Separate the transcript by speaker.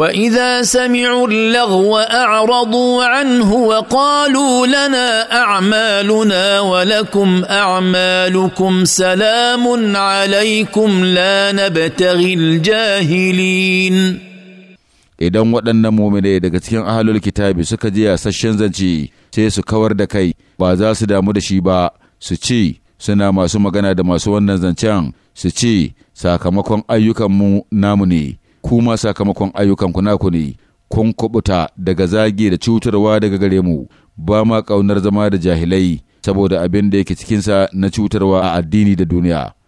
Speaker 1: واذا سمعوا اللغو اعرضوا عنه وقالوا لنا اعمالنا ولكم اعمالكم سلام عليكم لا نبتغي الجاهلين
Speaker 2: idan waɗannan muminai daga cikin ahalul kitabi suka ji yasasshen zance sai su kawar da kai ba za su damu da shi ba su ci suna masu magana da masu wannan zancen su ce sakamakon ayyukanmu namu ne kuma sakamakon ayyukanku naku ne kun kubuta daga zagi da cutarwa daga gare mu ba ma ƙaunar zama da jahilai saboda abin da yake cikinsa na cutarwa a addini da duniya